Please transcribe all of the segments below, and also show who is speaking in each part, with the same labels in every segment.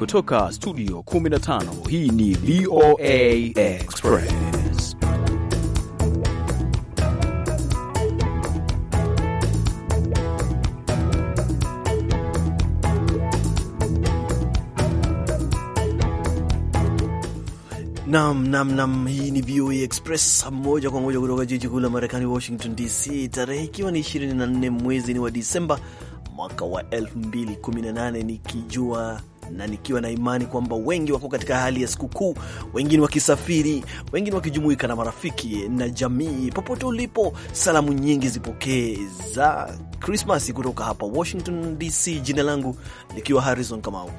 Speaker 1: kutoka studio 15 hii ni VOA Express. Nam nam nam, hii ni VOA Express moja kwa moja kutoka jiji kuu la Marekani, Washington DC, tarehe ikiwa ni 24 mwezi ni wa Disemba mwaka wa 2018 nikijua na nikiwa na imani kwamba wengi wako katika hali ya sikukuu, wengine wakisafiri, wengine wakijumuika na marafiki na jamii. Popote ulipo, salamu nyingi zipokee za Krismas kutoka hapa Washington DC. Jina langu likiwa Harrison Kamau.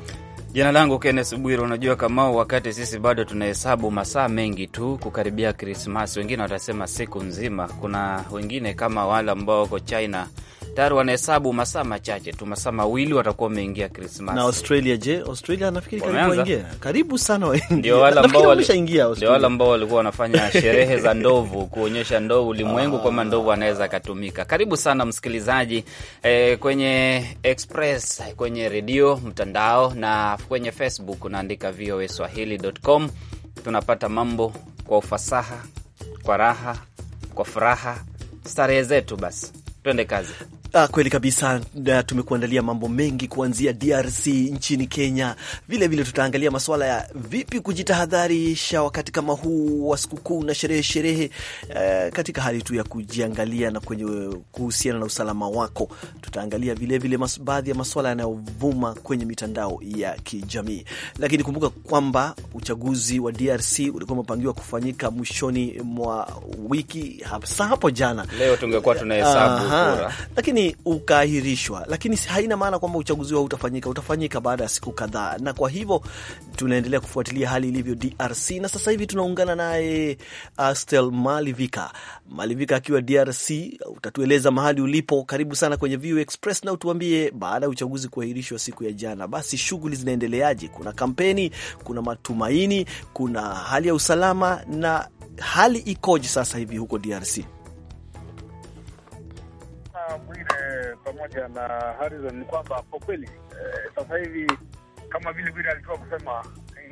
Speaker 2: Jina langu Kennes Bwire. Unajua Kamau, wakati sisi bado tunahesabu masaa mengi tu kukaribia Krismasi, wengine watasema siku nzima. Kuna wengine kama wale ambao wako China tayari wanahesabu masaa machache tu, masaa mawili watakuwa wameingia Krismasi. Na
Speaker 1: Australia je? Australia nafikiri karibu waingia, karibu sana waingia, ndio wale
Speaker 2: ambao walikuwa wanafanya sherehe za ndovu kuonyesha ndovu ulimwengu ah. kwamba ndovu anaweza akatumika. Karibu sana msikilizaji eh, kwenye Express, kwenye redio mtandao na kwenye Facebook unaandika VOA Swahili.com. Tunapata mambo kwa ufasaha, kwa raha, kwa furaha, starehe zetu. Basi twende kazi.
Speaker 1: Ah, kweli kabisa, tumekuandalia mambo mengi kuanzia DRC nchini Kenya. Vile vile tutaangalia masuala ya vipi kujitahadharisha wakati kama huu wa sikukuu na sherehe sherehe, eh, katika hali tu ya kujiangalia na kwenye kuhusiana na usalama wako. Tutaangalia vile vile baadhi ya masuala yanayovuma kwenye mitandao ya kijamii, lakini kumbuka kwamba uchaguzi wa DRC ulikuwa umepangiwa kufanyika mwishoni mwa wiki hasa hapo jana.
Speaker 2: Leo tungekuwa tunahesabu kura,
Speaker 1: lakini lakini ukaahirishwa, lakini haina maana kwamba uchaguzi wao utafanyika. Utafanyika baada ya siku kadhaa, na kwa hivyo tunaendelea kufuatilia hali ilivyo DRC, na sasa hivi tunaungana naye uh, Astel Malivika. Malivika akiwa DRC, utatueleza mahali ulipo. Karibu sana kwenye VU Express na utuambie, baada ya uchaguzi kuahirishwa siku ya jana, basi shughuli zinaendeleaje? Kuna kampeni, kuna matumaini, kuna hali ya usalama na hali ikoje sasa hivi huko DRC?
Speaker 3: Bwire pamoja na Harrison ni kwamba kwa kweli eh, sasa hivi kama vile Bwire alitoa kusema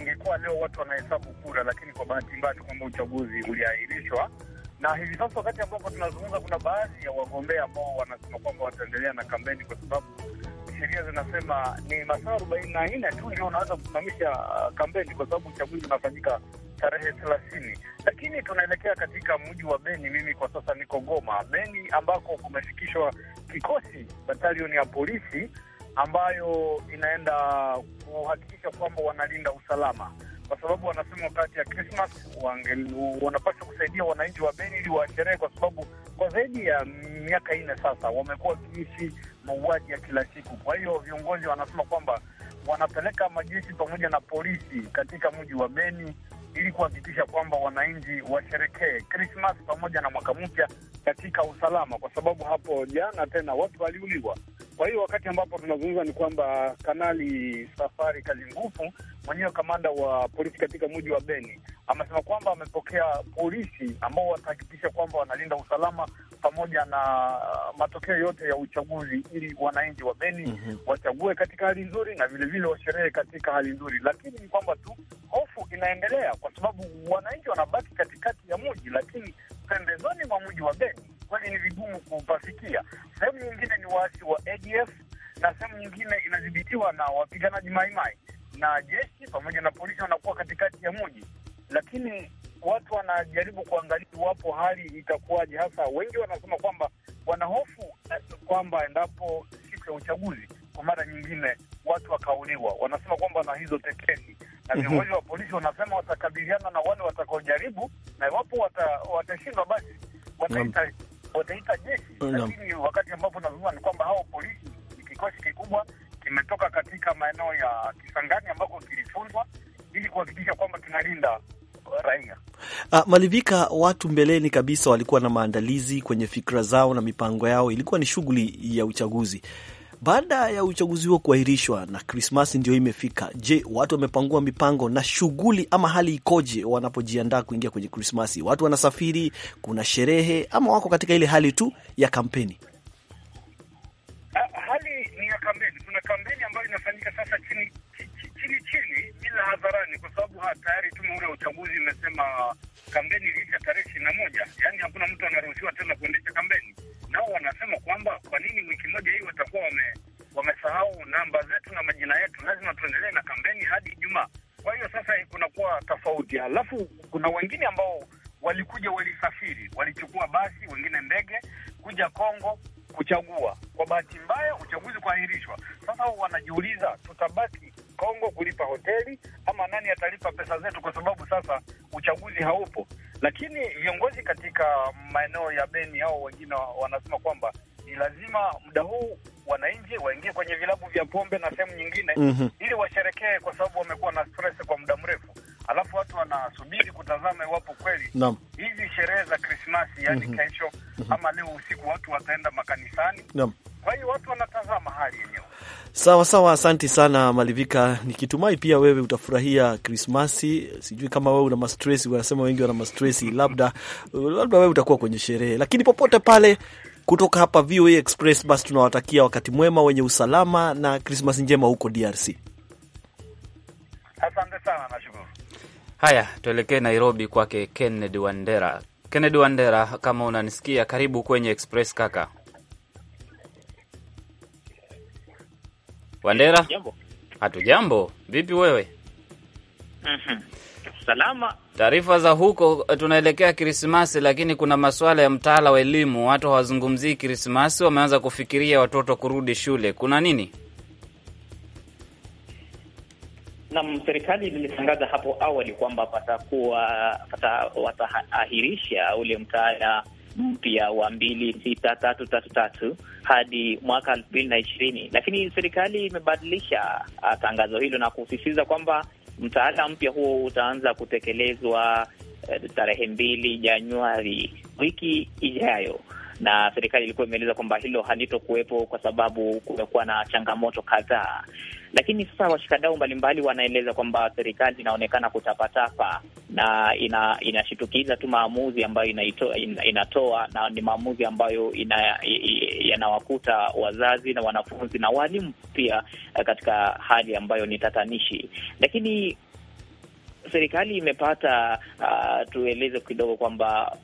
Speaker 3: ingekuwa leo watu wanahesabu kura, lakini kwa bahati mbaya ni kwamba uchaguzi uliahirishwa, na hivi sasa wakati ambapo tunazungumza, kuna baadhi ya wagombea ambao wanasema kwamba wataendelea na kampeni kwa sababu sheria zinasema ni masaa arobaini na nne tu ndio unaweza kusimamisha uh, kampeni, kwa sababu uchaguzi unafanyika tarehe thelathini. Lakini tunaelekea katika mji wa Beni. Mimi kwa sasa niko Goma, Beni, ambako kumefikishwa kikosi batalioni ya polisi ambayo inaenda kuhakikisha kwamba wanalinda usalama, kwa sababu wanasema wakati ya Krismas wanapaswa kusaidia wananchi wa Beni ili washerehe, kwa sababu kwa zaidi ya miaka nne sasa wamekuwa wakiishi mauaji ya kila siku. Kwa hiyo viongozi wanasema kwamba wanapeleka majeshi pamoja na polisi katika mji wa Beni ili kuhakikisha kwamba wananchi washerekee Krismas pamoja na mwaka mpya katika usalama, kwa sababu hapo jana tena watu waliuliwa. Kwa hiyo wakati ambapo tunazungumza ni kwamba Kanali Safari Kazi Ngufu mwenyewe kamanda wa polisi katika mji wa Beni amesema kwamba amepokea polisi ambao watahakikisha kwamba wanalinda usalama pamoja na uh, matokeo yote ya uchaguzi, ili wananchi wa Beni mm -hmm. wachague katika hali nzuri na vilevile washerehe katika hali nzuri, lakini ni kwamba tu hofu inaendelea kwa sababu wananchi wanabaki katikati ya mji, lakini pembezoni mwa mji wa Beni kweli ni vigumu kupafikia. Sehemu nyingine ni waasi wa ADF na sehemu nyingine inadhibitiwa na wapiganaji maimai, na jeshi pamoja na polisi wanakuwa katikati ya mji, lakini watu wanajaribu kuangalia iwapo hali itakuwaje, hasa wengi wanasema kwamba wanahofu kwamba endapo siku ya uchaguzi kwa mara nyingine watu wakauliwa. Wanasema kwamba na hizo tetesi na mhm. viongozi mm -hmm. wa polisi wanasema watakabiliana na wale watakaojaribu, na iwapo watashindwa, wata basi wataita mm -hmm. wataita jeshi mm -hmm. Lakini wakati ambapo nazungumza ni kwamba hao polisi ni kikosi kikubwa kimetoka katika maeneo ya Kisangani ambako kilifunzwa ili kuhakikisha kwamba tunalinda raia.
Speaker 1: Ah, Malivika, watu mbeleni kabisa walikuwa na maandalizi kwenye fikra zao na mipango yao, ilikuwa ni shughuli ya uchaguzi. Baada ya uchaguzi huo kuahirishwa na Krismasi ndio imefika, je, watu wamepangua mipango na shughuli ama hali ikoje wanapojiandaa kuingia kwenye Krismasi? Watu wanasafiri, kuna sherehe ama wako katika ile hali tu ya kampeni?
Speaker 3: Uh, hali ni ya kampeni. Kuna kampeni ambayo inafanyika sasa chini chini chini, bila hadharani, kwa sababu tayari tume ule uchaguzi imesema kampeni iliisha tarehe ishirini na moja, yaani hakuna mtu anaruhusiwa tena kuendesha kampeni. Nao wanasema kwamba kwa nini wiki moja hii watakuwa wame, wamesahau namba zetu na majina yetu? Lazima tuendelee na kampeni hadi Ijumaa. Kwa hiyo sasa kunakuwa tofauti, alafu kuna wengine ambao walikuja, walisafiri, walichukua basi, wengine ndege kuja Kongo kuchagua. Kwa bahati mbaya, uchaguzi kuahirishwa. Sasa wanajiuliza tutabaki Kongo kulipa hoteli ama nani atalipa pesa zetu, kwa sababu sasa uchaguzi haupo. Lakini viongozi katika maeneo ya Beni au wengine wanasema kwamba ni lazima muda huu wananchi waingie kwenye vilabu vya pombe na sehemu nyingine, mm -hmm. ili washerekee, kwa sababu wamekuwa na stress kwa muda mrefu alafu watu wanasubiri kutazama iwapo kweli naam, hizi sherehe za Krismasi yani mm -hmm. kesho mm -hmm. ama leo usiku watu wataenda makanisani
Speaker 1: naam. Kwa hiyo watu wanatazama hali yenyewe. Sawa sawa, asanti sana Malivika, nikitumai pia wewe utafurahia Krismasi. Sijui kama wewe una mastresi, wanasema wengi wana mastresi, labda labda wewe utakuwa kwenye sherehe, lakini popote pale kutoka hapa VOA Express, basi tunawatakia wakati mwema wenye usalama na Krismasi njema huko DRC.
Speaker 2: Asante sana, nashukuru. Haya, tuelekee Nairobi kwake Kennedy Wandera. Kennedy Wandera, kama unanisikia, karibu kwenye Express kaka Wandera. hatu jambo vipi wewe?
Speaker 4: mm -hmm. Salama.
Speaker 2: Taarifa za huko, tunaelekea Krismasi, lakini kuna masuala ya mtaala wa elimu. Watu hawazungumzii Krismasi, wameanza kufikiria watoto kurudi shule. Kuna nini?
Speaker 4: Nam, serikali ilitangaza hapo awali kwamba patakuwa pata, wataahirisha ule mtaala mpya wa mbili sita tatu tatu tatu hadi mwaka elfu mbili na ishirini, lakini serikali imebadilisha ah, tangazo hilo na kusisitiza kwamba mtaala mpya huo utaanza kutekelezwa eh, tarehe mbili Januari wiki ijayo na serikali ilikuwa imeeleza kwamba hilo halitokuwepo kwa sababu kumekuwa na changamoto kadhaa. Lakini sasa washikadau mbalimbali wanaeleza kwamba serikali inaonekana kutapatapa na ina, inashitukiza tu maamuzi ambayo inaito, inatoa na ni maamuzi ambayo yanawakuta wazazi na wanafunzi na walimu pia eh, katika hali ambayo ni tatanishi, lakini serikali imepata uh, tueleze kidogo kwamba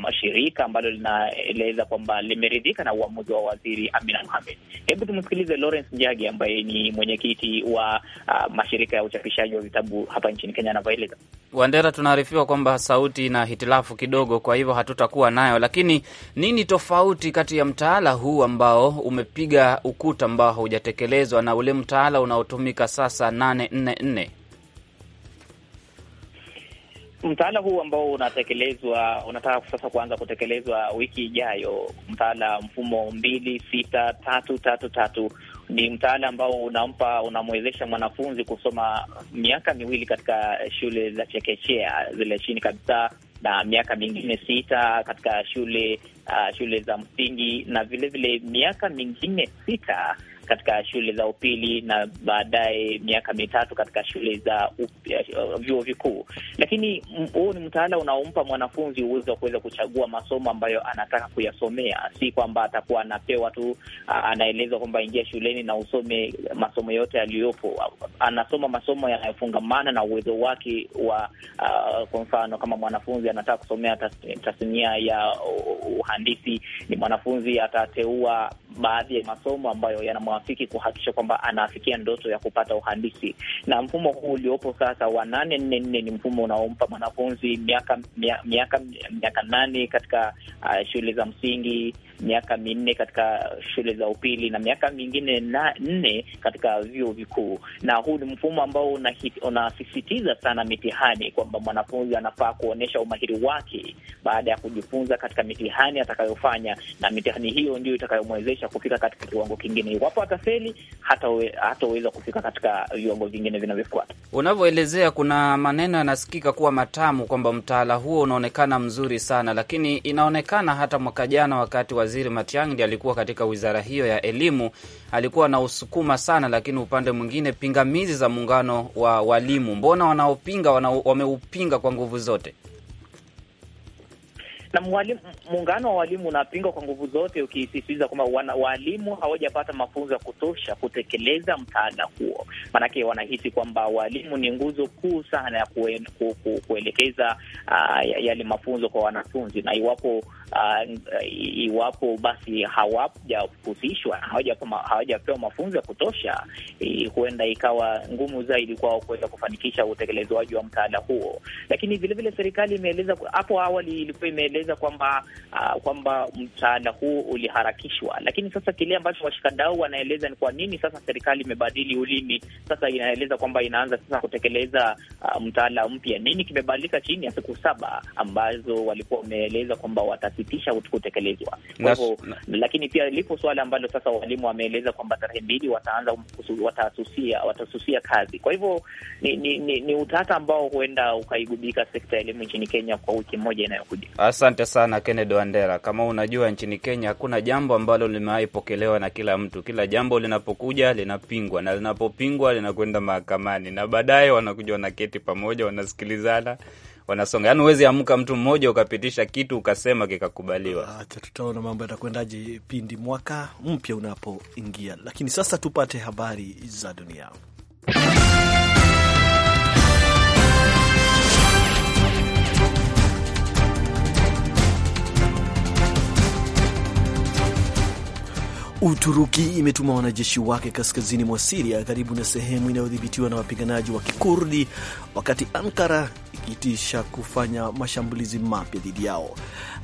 Speaker 4: mashirika ambalo linaeleza kwamba limeridhika na uamuzi wa waziri Amina Mohamed. Hebu tumsikilize Lawrence Njagi ambaye ni mwenyekiti wa uh, mashirika ya uchapishaji wa vitabu hapa nchini Kenya anavyoeleza.
Speaker 2: Wandera, tunaarifiwa kwamba sauti ina hitilafu kidogo, kwa hivyo hatutakuwa nayo, lakini nini tofauti kati ya mtaala huu ambao umepiga ukuta ambao haujatekelezwa na ule mtaala unaotumika sasa nane nne nne?
Speaker 4: Mtaala huu ambao unatekelezwa unataka sasa kuanza kutekelezwa wiki ijayo, mtaala mfumo mbili sita tatu tatu tatu ni mtaala ambao unampa unamwezesha mwanafunzi kusoma miaka miwili katika shule za chekechea zile chini kabisa na miaka mingine sita katika shule uh, shule za msingi na vilevile miaka mingine sita katika shule za upili na baadaye miaka mitatu katika shule za uh, vyuo vikuu. Lakini huu ni mtaala unaompa mwanafunzi uwezo wa kuweza kuchagua masomo ambayo anataka kuyasomea, si kwamba atakuwa anapewa tu, uh, anaelezwa kwamba ingia shuleni na usome masomo yote yaliyopo. Anasoma masomo yanayofungamana na uwezo wake wa uh, kwa mfano kama mwanafunzi anataka kusomea tasnia ya uhandisi, ni mwanafunzi atateua baadhi ya masomo ambayo yana hawafiki kuhakikisha kwamba anaafikia ndoto ya kupata uhandisi. Na mfumo huu uliopo sasa wa nane nne nne ni mfumo unaompa mwanafunzi miaka miaka miaka nane katika uh, shule za msingi, miaka minne katika shule za upili na miaka mingine na nne katika vyuo vikuu. Na huu ni mfumo ambao unasisitiza una sana mitihani, kwamba mwanafunzi anafaa kuonyesha umahiri wake baada ya kujifunza katika mitihani atakayofanya, na mitihani hiyo ndio itakayomwezesha kufika katika kiwango kingine iwapo atafeli hataweza kufika katika viwango vingine vinavyofuata.
Speaker 2: Unavyoelezea, kuna maneno yanasikika kuwa matamu kwamba mtaala huo unaonekana mzuri sana, lakini inaonekana hata mwaka jana wakati Waziri Matiang'i alikuwa katika wizara hiyo ya elimu alikuwa na usukuma sana, lakini upande mwingine pingamizi za muungano wa walimu, mbona wanaopinga wana, wameupinga kwa nguvu zote
Speaker 4: na mwalimu, muungano wa walimu unapingwa kwa nguvu zote, ukisisitiza kwamba walimu hawajapata mafunzo ya kutosha kutekeleza mtaala huo. Maanake wanahisi kwamba walimu ni nguzo kuu sana ya kue, ku, ku, kuelekeza uh, yale mafunzo kwa wanafunzi, na iwapo uh, iwapo basi hawajahusishwa, hawajapewa mafunzo ya kutosha, huenda ikawa ngumu zaidi kwao kuweza kufanikisha utekelezwaji wa mtaala huo. Lakini vilevile serikali imeeleza hapo awali ilikuwa imeeleza kueleza kwamba uh, kwamba mtaala huu uliharakishwa, lakini sasa kile ambacho washikadau wanaeleza ni kwa nini sasa serikali imebadili ulimi. Sasa inaeleza kwamba inaanza sasa kutekeleza uh, mtaala mpya. Nini kimebadilika chini ya siku saba ambazo walikuwa wameeleza kwamba watasitisha kutekelezwa? Kwa hivyo, lakini pia lipo suala ambalo sasa walimu wameeleza kwamba tarehe mbili wataanza watasusia, watasusia kazi. Kwa hivyo ni, ni, ni, ni utata ambao huenda ukaigubika sekta ya elimu nchini Kenya kwa wiki moja inayokuja.
Speaker 2: Asante sana Kennedy Wandera. Kama unajua, nchini Kenya hakuna jambo ambalo limewahi pokelewa na kila mtu. Kila jambo linapokuja linapingwa, na linapopingwa linakwenda mahakamani, na baadaye wanakuja wanaketi pamoja, wanasikilizana wanasonga yaani, huwezi amka mtu mmoja ukapitisha kitu ukasema kikakubaliwa. Acha
Speaker 1: tutaona mambo yatakwendaje pindi mwaka mpya unapoingia, lakini sasa tupate habari za dunia. Uturuki imetuma wanajeshi wake kaskazini mwa Siria karibu na sehemu inayodhibitiwa na wapiganaji wa Kikurdi, wakati Ankara ikitisha kufanya mashambulizi mapya dhidi yao.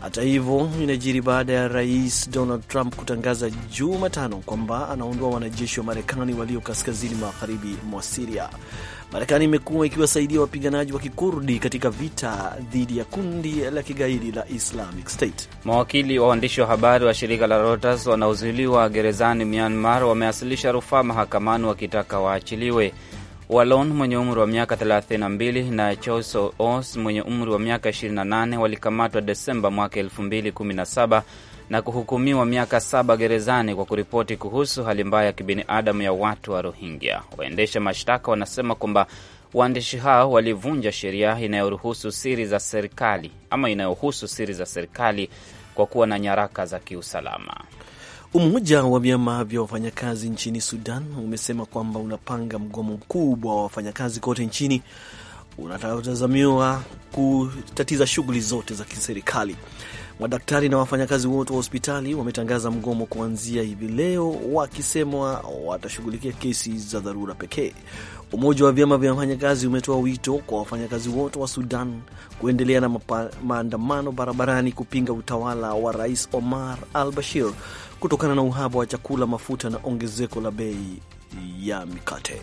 Speaker 1: Hata hivyo, inajiri baada ya Rais Donald Trump kutangaza Jumatano kwamba anaondoa wanajeshi wa Marekani walio kaskazini magharibi mwa Siria. Marekani imekuwa ikiwasaidia wapiganaji wa kikurdi katika vita dhidi ya kundi la kigaidi la Islamic
Speaker 2: State. Mawakili wa waandishi wa habari wa shirika la Reuters wanaozuiliwa gerezani Myanmar wameasilisha rufaa mahakamani wakitaka waachiliwe. Walon mwenye umri wa miaka 32 na Choso Os mwenye umri wa miaka 28 walikamatwa Desemba mwaka 2017 na kuhukumiwa miaka saba gerezani kwa kuripoti kuhusu hali mbaya ya kibinadamu ya watu wa Rohingya. Waendesha mashtaka wanasema kwamba waandishi hao walivunja sheria inayoruhusu siri za serikali ama inayohusu siri za serikali kwa kuwa na nyaraka za kiusalama.
Speaker 1: Umoja wa vyama vya wafanyakazi nchini Sudan umesema kwamba unapanga mgomo mkubwa wa wafanyakazi kote nchini unatazamiwa kutatiza shughuli zote za kiserikali. Madaktari na wafanyakazi wote wa hospitali wametangaza mgomo kuanzia hivi leo, wakisema watashughulikia kesi za dharura pekee. Umoja wa vyama vya wafanyakazi umetoa wito kwa wafanyakazi wote wa Sudan kuendelea na maandamano barabarani kupinga utawala wa Rais Omar al Bashir kutokana na uhaba wa chakula, mafuta na ongezeko la bei ya mikate.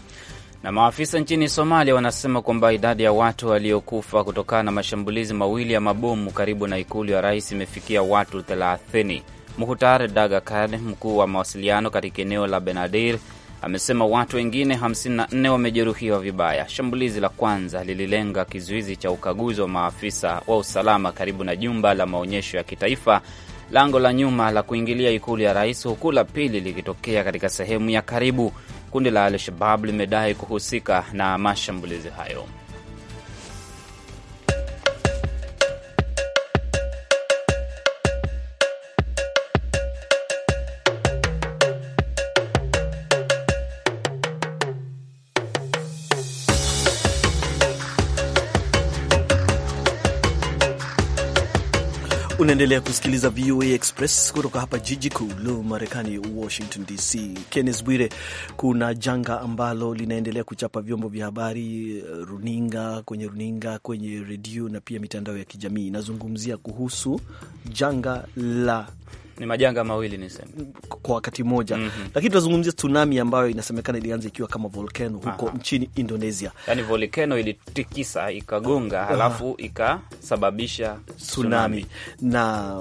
Speaker 2: Na maafisa nchini Somalia wanasema kwamba idadi ya watu waliokufa kutokana na mashambulizi mawili ya mabomu karibu na ikulu ya rais imefikia watu 30. Muhtar Dagakad, mkuu wa mawasiliano katika eneo la Benadir, amesema watu wengine 54 wamejeruhiwa vibaya. Shambulizi la kwanza lililenga kizuizi cha ukaguzi wa maafisa wa usalama karibu na jumba la maonyesho ya kitaifa, lango la nyuma la kuingilia ikulu ya rais, huku la pili likitokea katika sehemu ya karibu Kundi la Al-Shabab limedai kuhusika na mashambulizi hayo.
Speaker 1: Unaendelea kusikiliza VOA Express kutoka hapa jiji kuu la Marekani, Washington DC. Kennes Bwire, kuna janga ambalo linaendelea kuchapa vyombo vya habari, runinga, kwenye runinga, kwenye redio na pia mitandao ya kijamii. Inazungumzia kuhusu janga la
Speaker 2: ni majanga mawili niseme
Speaker 1: kwa wakati mmoja mm -hmm. Lakini tunazungumzia tsunami ambayo inasemekana ilianza ikiwa kama volcano huko Aha. nchini
Speaker 2: Indonesia, yani volcano ilitikisa ikagonga, halafu ikasababisha tsunami. tsunami
Speaker 1: na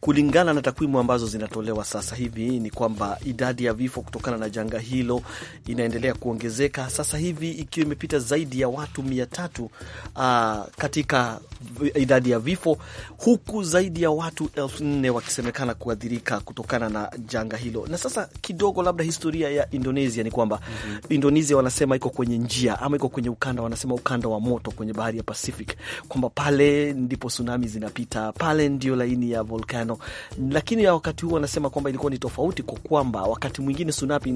Speaker 1: kulingana na takwimu ambazo zinatolewa sasa hivi ni kwamba idadi ya vifo kutokana na janga hilo inaendelea kuongezeka sasa hivi ikiwa imepita zaidi ya watu mia tatu uh, katika idadi ya vifo, huku zaidi ya watu elfu nne wakisemekana kuathirika kutokana na janga hilo. Na sasa kidogo, labda historia ya Indonesia ni kwamba mm -hmm. Indonesia wanasema iko kwenye njia ama iko kwenye ukanda, wanasema ukanda wa moto kwenye bahari ya Pacific, kwamba pale ndipo tsunami zinapita, pale ndio laini ya volkano mapigano, lakini ya wakati huu wanasema kwamba ilikuwa ni tofauti kwa kwamba wakati mwingine tsunami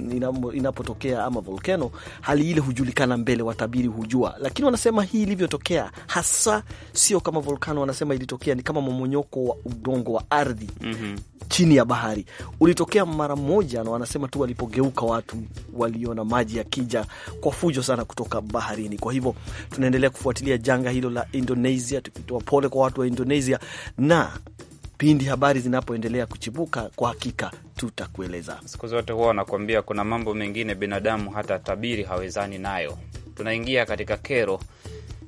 Speaker 1: inapotokea ama volcano, hali ile hujulikana mbele, watabiri hujua, lakini wanasema hii ilivyotokea hasa sio kama volcano, wanasema ilitokea ni kama momonyoko wa udongo wa ardhi mm -hmm. chini ya bahari ulitokea mara moja, na wanasema tu walipogeuka watu waliona maji yakija kwa fujo sana kutoka baharini. Kwa hivyo tunaendelea kufuatilia janga hilo la Indonesia, tukitoa pole kwa watu wa Indonesia na pindi habari zinapoendelea kuchipuka, kwa hakika
Speaker 2: tutakueleza. Siku zote huwa wanakuambia kuna mambo mengine binadamu hata tabiri hawezani nayo. Tunaingia katika kero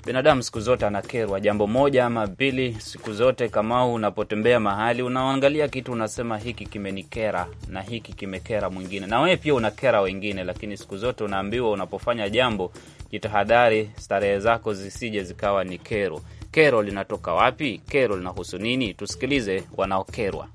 Speaker 2: Binadamu siku zote anakerwa jambo moja ama pili. Siku zote Kamau, unapotembea mahali unaangalia kitu unasema hiki kimenikera na hiki kimekera mwingine, na wewe pia unakera wengine. Lakini siku zote unaambiwa unapofanya jambo, jitahadhari, starehe zako zisije zikawa ni kero. Kero linatoka wapi? Kero linahusu nini? Tusikilize wanaokerwa.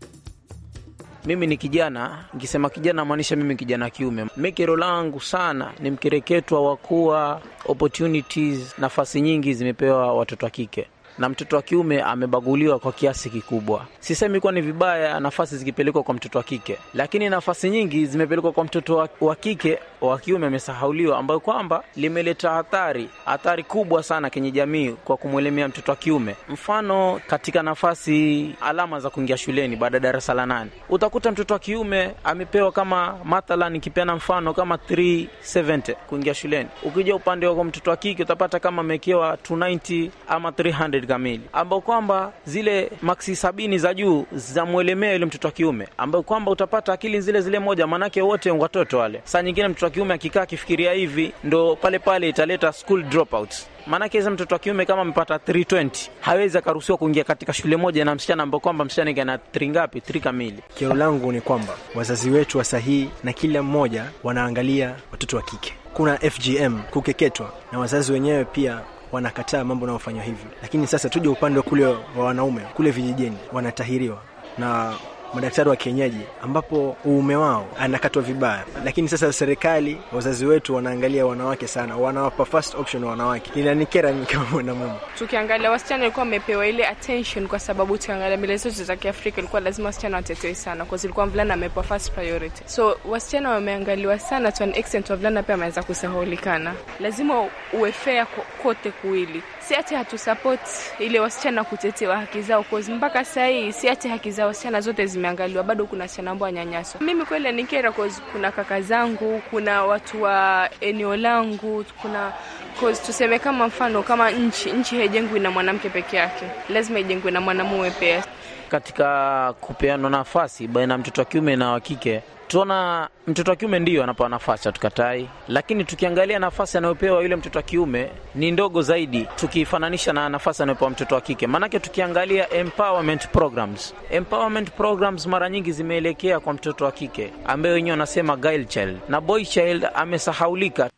Speaker 5: Mimi ni kijana, nikisema kijana maanisha mimi kijana kiume. Mi kero langu sana ni mkereketwa wa kuwa opportunities, nafasi nyingi zimepewa watoto wa kike na mtoto wa kiume amebaguliwa kwa kiasi kikubwa. Sisemi kuwa ni vibaya nafasi zikipelekwa kwa mtoto wa kike, lakini nafasi nyingi zimepelekwa kwa mtoto wa kike, wa kiume amesahauliwa, ambayo kwamba limeleta hatari hatari kubwa sana kwenye jamii kwa kumwelemea mtoto wa kiume. Mfano, katika nafasi alama za kuingia shuleni baada ya darasa la nane, utakuta mtoto wa kiume amepewa kama mathalan, nikipeana mfano kama 370 kuingia shuleni. Ukija upande wa mtoto wa kike utapata kama amewekewa 290 ama 300 kamili, ambao kwamba zile maksi sabini za juu zamwelemea yule mtoto wa kiume, ambao kwamba utapata akili zile zile moja, maanake wote watoto wale. Saa nyingine mtoto wa kiume akikaa akifikiria hivi, ndo pale pale italeta school dropouts. Maanake mtoto wa kiume kama amepata 320 hawezi akaruhusiwa kuingia katika shule moja na msichana, ambao kwamba msichana ana 3 ngapi? 3 kamili.
Speaker 1: Kero langu ni kwamba wazazi wetu wa sahihi na kila mmoja wanaangalia watoto wa kike kuna FGM kukeketwa na wazazi wenyewe pia wanakataa mambo yanayofanywa hivyo. lakini sasa tuje upande kule wa wanaume kule vijijini wanatahiriwa na madaktari wa kienyeji, ambapo uume wao anakatwa vibaya. Lakini sasa serikali, wazazi wetu wanaangalia wanawake sana, wanawapa first option wanawake. Inanikera mimi kama mwanamume.
Speaker 6: Tukiangalia wasichana walikuwa wamepewa ile attention, kwa sababu tukiangalia mila zetu za Kiafrika ilikuwa lazima wasichana watetewe sana, kwa zilikuwa mvulana amepewa first priority. So wasichana wameangaliwa sana to an extent, wavulana pia wameweza kusahaulikana. Lazima uwe fair kote kuwili si ati hatusupport ile wasichana kutetewa haki zao, cause mpaka saa hii si ati haki za wasichana zote zimeangaliwa, bado kuna wasichana ambao wanyanyaswa. Mimi kweli nikera, cause kuna kaka zangu, kuna watu wa eneo langu, kuna cause tuseme kama mfano kama nchi nchi haijengwi na mwanamke peke yake, lazima ijengwe na mwanamume pia.
Speaker 5: Katika kupeana nafasi baina ya mtoto wa kiume na wa kike tuona mtoto wa kiume ndiyo anapewa nafasi, hatukatai, lakini tukiangalia nafasi anayopewa yule mtoto wa kiume ni ndogo zaidi tukifananisha na nafasi anayopewa mtoto wa kike. Maanake tukiangalia empowerment programs, empowerment programs mara nyingi zimeelekea kwa mtoto wa kike ambaye wenyewe wanasema girl child na boy child amesahaulika.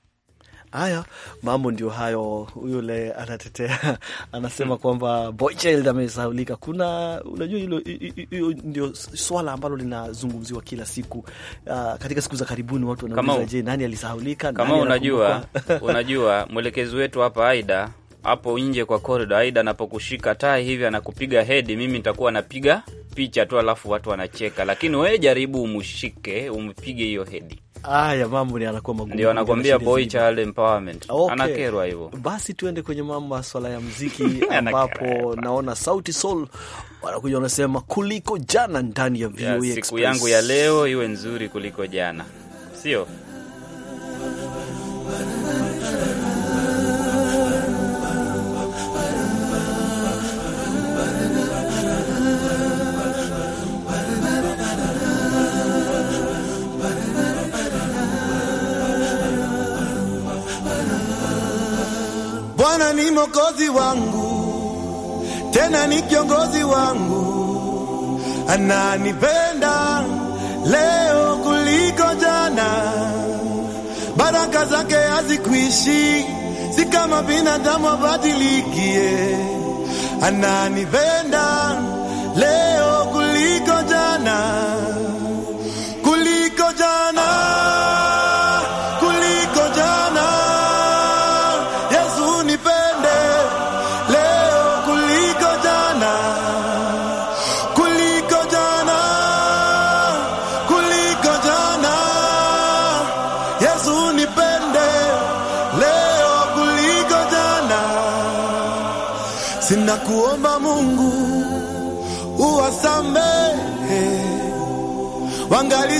Speaker 5: Haya
Speaker 1: mambo ndio hayo. Yule anatetea anasema mm. kwamba Boychild amesahulika. Kuna unajua, hilo hiyo ndio swala ambalo linazungumziwa kila siku uh, katika siku za karibuni watu wanauliza, je, nani alisahulika? Kama nani unajua unajua
Speaker 2: mwelekezi wetu hapa Aida hapo nje kwa korido, Aida anapokushika tai hivi anakupiga hedi, mimi nitakuwa napiga picha tu, alafu watu wanacheka, lakini wewe jaribu umshike umpige hiyo hedi
Speaker 1: Haya, mambo ni anakuwa magumu, ndio anakuambia boy
Speaker 2: child empowerment. Okay, anakerwa hivyo.
Speaker 1: Basi tuende kwenye mambo maswala ya mziki ambapo naona Sauti Sol wanakuja wanasema kuliko jana ndani ya VOA e Express. Siku yangu ya
Speaker 2: leo iwe nzuri kuliko jana, sio
Speaker 7: Bwana ni mokozi wangu, tena ni kiongozi wangu, ananipenda leo kuliko jana, baraka zake hazikwishi, si kama binadamu abadilikie. Ananipenda leo kuliko jana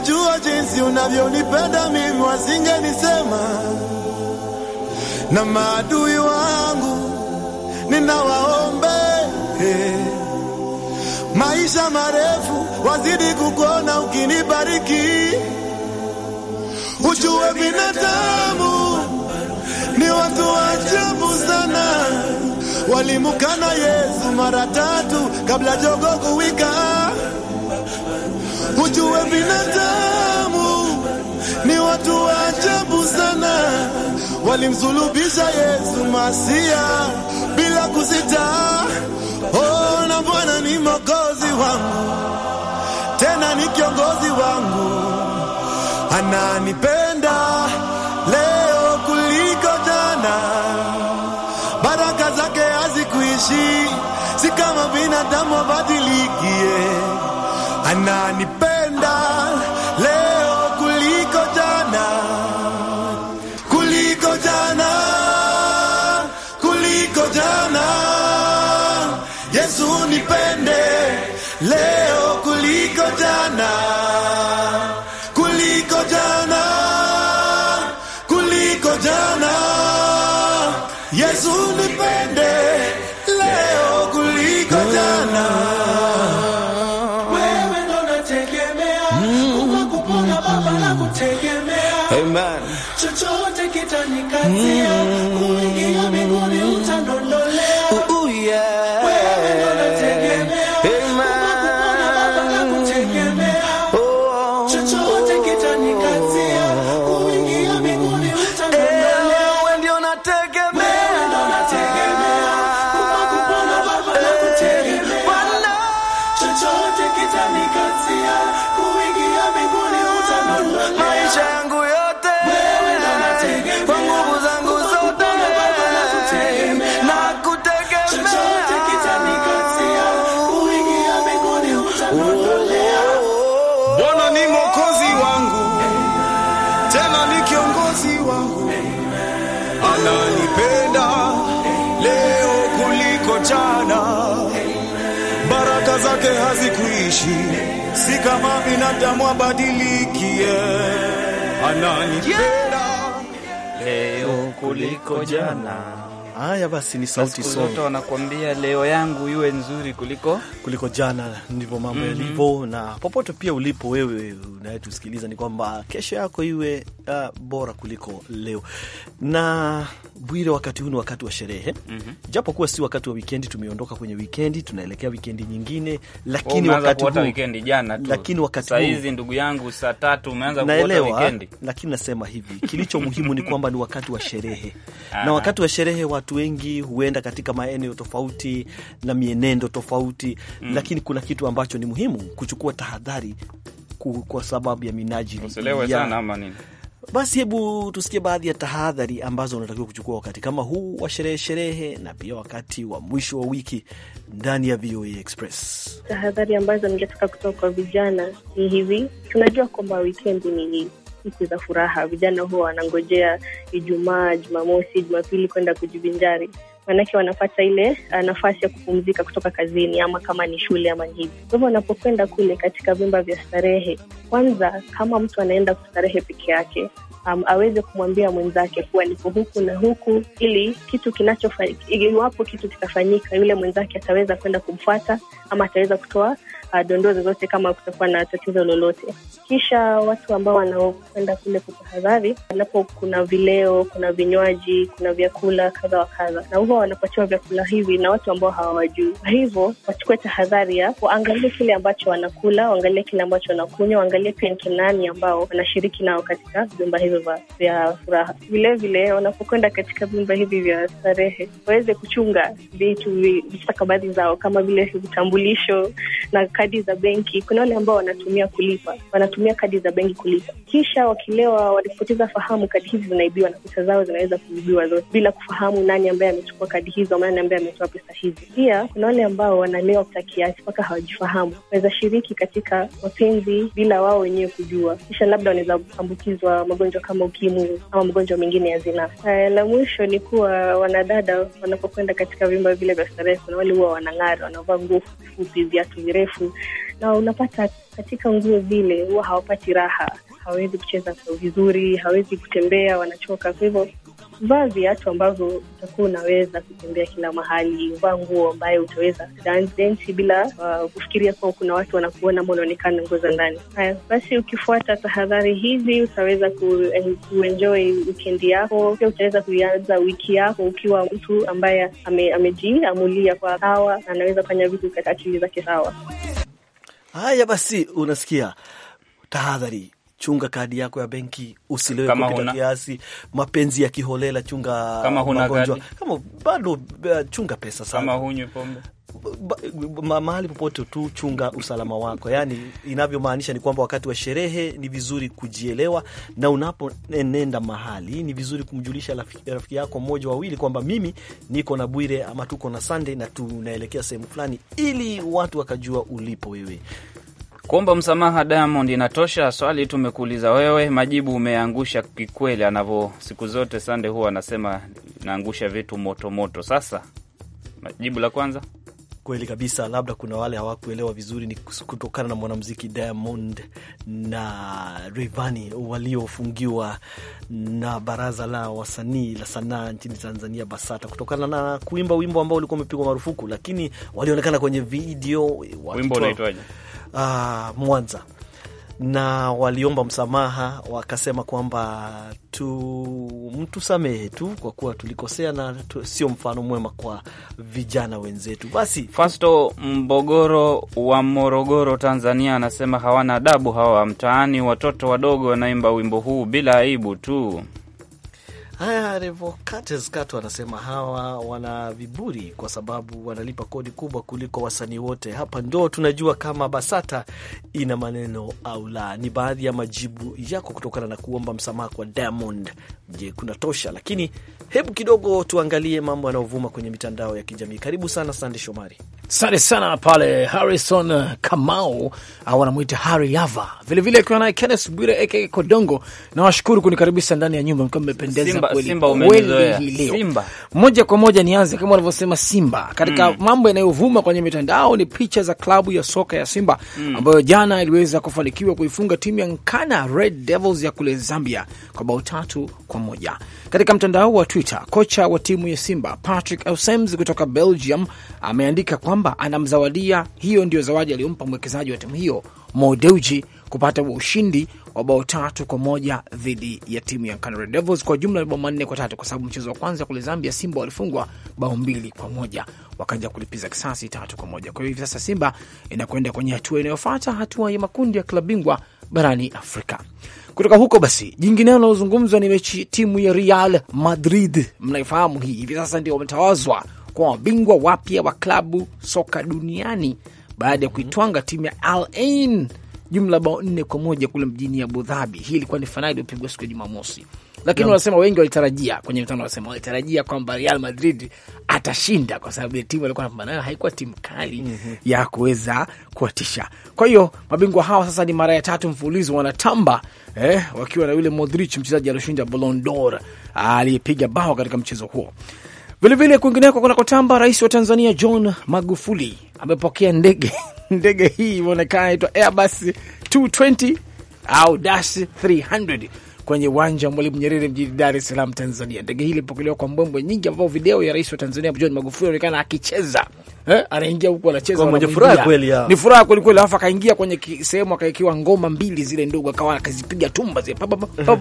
Speaker 7: wangelijua jinsi unavyonipenda mimi wasingenisema, na maadui wangu ninawaombe maisha marefu wazidi kukuona ukinibariki. Ujue binadamu ni watu wajabu sana, walimukana Yesu mara tatu kabla jogo kuwika Tujue binadamu ni watu wa ajabu sana, walimsulubisha Yesu Masia bila kusita.
Speaker 6: Oh, na
Speaker 7: Bwana ni Mwokozi wangu tena ni kiongozi wangu, ananipenda leo kuliko jana, baraka zake hazikuishi, si kama binadamu wabadilikie, ananipenda jana kuliko jana kuliko jana Yesu nipende leo kuliko jana wewe ndo nategemea Mungu baba na Amen chochote kitanikatia mm. mchana, baraka zake hazikuishi, si kama binadamu abadilikie.
Speaker 2: Ananipenda leo kuliko jana
Speaker 1: Haya basi, ni sauti sote
Speaker 2: wanakuambia leo yangu iwe nzuri kuliko
Speaker 1: kuliko jana. Ndivyo mambo mm -hmm. yalivyo, na popote pia ulipo wewe unayetusikiliza ni kwamba kesho yako iwe uh, bora kuliko leo. Na Bwire, wakati huu ni wakati wa sherehe mm -hmm. japo kuwa si wakati wa wikendi, tumeondoka kwenye wikendi, tunaelekea wikendi nyingine, lakini oh, wakati huu wikendi
Speaker 2: jana tu, lakini wakati huu hizi ndugu yangu saa tatu umeanza kuota wikendi,
Speaker 1: lakini nasema hivi kilicho muhimu ni kwamba ni wakati wa sherehe ah. na wakati wa sherehe watu watu wengi huenda katika maeneo tofauti na mienendo tofauti mm. Lakini kuna kitu ambacho ni muhimu kuchukua tahadhari kwa sababu ya minajili
Speaker 2: sana ama nini.
Speaker 1: Basi hebu tusikie baadhi ya tahadhari ambazo unatakiwa kuchukua wakati kama huu wa sherehe sherehe, na pia wakati wa mwisho wa wiki ndani ya VOA Express.
Speaker 6: Tahadhari ambazo ningetaka kutoka kwa vijana ni hivi, tunajua kwamba wikendi ni siku za furaha, vijana huwa wanangojea Ijumaa, Jumamosi, Jumapili kwenda kujivinjari, maanake wanapata ile eh, nafasi ya kupumzika kutoka kazini ama kama ni shule ama ni hivi. Kwa hivyo wanapokwenda kule katika vyumba vya starehe, kwanza kama mtu anaenda kustarehe peke yake Um, aweze kumwambia mwenzake kuwa niko huku na huku, ili kitu kinachofanyika, iwapo kitu kitafanyika, yule mwenzake ataweza kwenda kumfuata ama ataweza kutoa uh, dondoo zozote kama kutakuwa na tatizo lolote. Kisha watu ambao wanaokwenda kule tahadhari anapo kuna vileo, kuna vinywaji, kuna vyakula kadha wa kadha, na huwa wanapatiwa vyakula hivi na watu ambao hawawajui. Kwa hivyo wachukue tahadhari ya waangalie kile ambacho wanakula, waangalie kile ambacho wanakunywa, waangalie pia ni nani ambao wanashiriki nao katika vyumba hivyo vya furaha. Vilevile wanapokwenda katika vyumba hivi vya starehe, waweze kuchunga vitu, stakabadhi zao kama vile vitambulisho na kadi za benki. Kuna wale ambao wanatumia kulipa, wanatumia kadi za benki kulipa, kisha wakilewa, walipoteza fahamu, kadi hizi zinaibiwa na pesa zao zinaweza kuibiwa zote bila kufahamu nani ambaye amechukua kadi hizo ama nani ambaye ametoa pesa hizi. Pia kuna wale ambao wanalewa kupita kiasi mpaka hawajifahamu, wanaweza shiriki katika mapenzi bila wao wenyewe kujua, kisha labda wanaweza ambukizwa magonjwa kama ukimwi ama magonjwa mengine ya zinaa. Uh, la mwisho ni kuwa wanadada wanapokwenda katika vyumba vile vya starehe, kuna wale huwa wanang'ara, wanavaa nguo fupi, viatu virefu na unapata katika nguo zile huwa hawapati raha, hawawezi kucheza vizuri, hawawezi kutembea, wanachoka. Kwa hivyo vaa viatu ambavyo utakuwa unaweza kutembea kila mahali, vaa nguo ambayo utaweza dansi bila uh, kufikiria kuwa kuna watu wanakuona ama unaonekana nguo za ndani. Haya basi, ukifuata tahadhari hizi utaweza kuenjoy eh, wikendi yako, pia utaweza kuianza wiki yako ukiwa mtu ambaye amejiamulia ame kwa sawa, na anaweza kufanya vitu katika akili zake sawa.
Speaker 1: Haya basi, unasikia tahadhari. Chunga kadi yako ya benki, usilewe kupita kiasi. Mapenzi ya kiholela, chunga magonjwa. Kama bado eh, chunga pesa sana, kama hunywi pombe mahali popote tu, chunga usalama wako. Yani inavyomaanisha ni kwamba wakati wa sherehe ni vizuri kujielewa, na unaponenda mahali ni vizuri kumjulisha rafiki yako mmoja wawili kwamba mimi niko na Bwire ama tuko na Sande na tunaelekea sehemu fulani, ili watu wakajua ulipo wewe.
Speaker 2: Kuomba msamaha Diamond inatosha. Swali tumekuuliza wewe, majibu umeangusha kikweli, anavyo siku zote Sande huwa anasema naangusha vitu motomoto moto. Sasa majibu la kwanza
Speaker 1: Kweli kabisa, labda kuna wale hawakuelewa vizuri, ni kutokana na mwanamuziki Diamond na Rayvanny waliofungiwa na baraza la wasanii la sanaa nchini Tanzania, BASATA, kutokana na kuimba wimbo ambao ulikuwa umepigwa marufuku, lakini walionekana kwenye video eh, wimbo unaitwaje? Uh, Mwanza na waliomba msamaha, wakasema kwamba tu mtusamehe tu kwa kuwa tulikosea na tu, sio mfano mwema kwa vijana wenzetu.
Speaker 2: Basi Fasto Mbogoro wa Morogoro, Tanzania, anasema hawana adabu hawa mtaani, watoto wadogo wanaimba wimbo huu bila aibu tu.
Speaker 1: Haya, Revocates Kato anasema hawa wana viburi kwa sababu wanalipa kodi kubwa kuliko wasanii wote hapa. Ndo tunajua kama BASATA ina maneno au la. Ni baadhi ya majibu yako kutokana na kuomba msamaha kwa Diamond. Je, kuna tosha? Lakini hebu kidogo tuangalie mambo yanayovuma kwenye mitandao ya kijamii. Karibu sana, Sande Shomari
Speaker 8: sante sana pale Harrison Kamau au wanamwita Hari Yava, vilevile akiwa naye kennes Bwire aka Kodongo. Nawashukuru kunikaribisha ndani ya nyumba, mkiwa mmependeza kweli leo. Moja kwa moja nianze kama wanavyosema Simba katika mm. mambo yanayovuma kwenye mitandao ni picha za klabu ya soka ya Simba mm. ambayo jana iliweza kufanikiwa kuifunga timu ya Nkana Red Devils ya kule Zambia kwa bao tatu kwa moja. Katika mtandao wa Twitter, kocha wa timu ya Simba Patrick Ausems kutoka Belgium ameandika kwamba anamzawadia, hiyo ndiyo zawadi aliyompa mwekezaji wa timu hiyo Mo Dewji kupata ushindi wa bao tatu kwa moja dhidi ya timu ya Canary Devils kwa jumla bao manne kwa tatu kwa sababu mchezo wa kwanza kule Zambia Simba walifungwa bao mbili kwa moja wakaja kulipiza kisasi tatu kwa moja. Kwa hiyo hivi sasa Simba inakwenda kwenye hatua inayofuata, hatua ya makundi ya klabu bingwa barani Afrika. Kutoka huko basi, jingineo linalozungumzwa ni mechi timu ya Real Madrid, mnaifahamu hii, hivi sasa ndio wametawazwa kwa wabingwa wapya wa klabu soka duniani baada ya kuitwanga timu ya Al Ain jumla bao nne kwa moja kule mjini Abu Dhabi. Hii ilikuwa ni fainali iliyopigwa siku ya Jumamosi lakini no. Wanasema wengi walitarajia kwenye mitano, wanasema walitarajia kwamba Real Madrid atashinda kwa sababu ya timu alikuwa anapambana nayo haikuwa timu kali mm -hmm. ya kuweza kuwatisha. Kwa hiyo mabingwa hawa sasa ni mara ya tatu mfululizo wanatamba eh, wakiwa na yule Modric mchezaji alioshinda Ballon d'Or aliyepiga bao katika mchezo huo. Vilevile kwingineko kunakotamba, rais wa Tanzania John Magufuli amepokea ndege ndege hii imeonekana inaitwa Airbus 220 au dash 300 kwenye uwanja wa Mwalimu Nyerere mjini Dar es Salaam, Tanzania. Ndege hii ilipokelewa kwa mbwembwe nyingi, ambao video ya rais wa Tanzania John Magufuli anaonekana akicheza eh, anaingia huku anacheza, ni furaha kweli kweli. Alafu akaingia kwenye sehemu akaikiwa ngoma mbili zile ndogo, akawa akazipiga tumba zile pam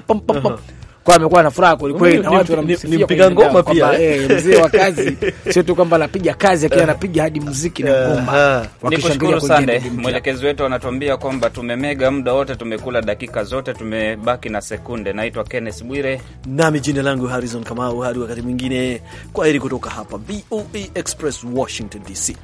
Speaker 8: pam pam pam kwa amekuwa na furaha kweli kweli, na watu wanamsikia ni mpiga ngoma pia, eh? eh, mzee wa kazi, sio tu kwamba anapiga kazi, lakini anapiga hadi muziki na eh, ngoma. Eh.
Speaker 2: Nikushukuru sana, mwelekezi wetu anatuambia kwamba tumemega muda wote, tumekula dakika zote, tumebaki na sekunde. Naitwa Kenneth Bwire,
Speaker 1: nami jina langu Harrison Kamau. Hadi wakati mwingine, kwa heri kutoka hapa VOA Express Washington DC.